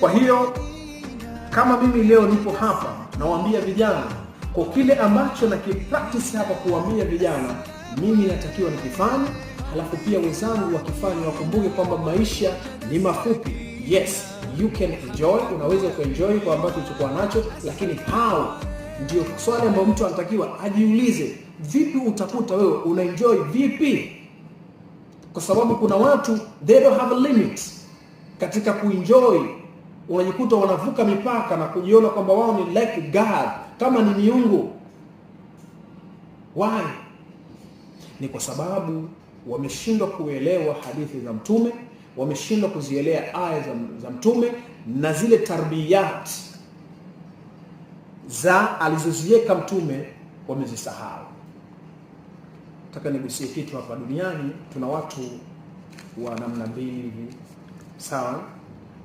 Kwa hiyo kama mimi leo nipo hapa nawaambia vijana kwa kile ambacho nakipractice hapa kuwaambia vijana mimi natakiwa nikifanye, alafu pia wenzangu wakifanya wakumbuke kwamba maisha ni mafupi. Yes, you can enjoy, unaweza kuenjoy kwa ambacho ulichokuwa nacho, lakini how ndio swali ambayo mtu anatakiwa ajiulize, vipi utakuta wewe unaenjoy vipi? Kwa sababu kuna watu they don't have a limit katika kuenjoy unajikuta wanavuka mipaka na kujiona kwamba wao ni like God, kama ni miungu. Why? Ni kwa sababu wameshindwa kuelewa hadithi za Mtume, wameshindwa kuzielea aya za, za Mtume na zile tarbiyat za alizoziweka Mtume wamezisahau. Nataka nigusie kitu hapa. Duniani tuna watu wa namna mbili hivi, sawa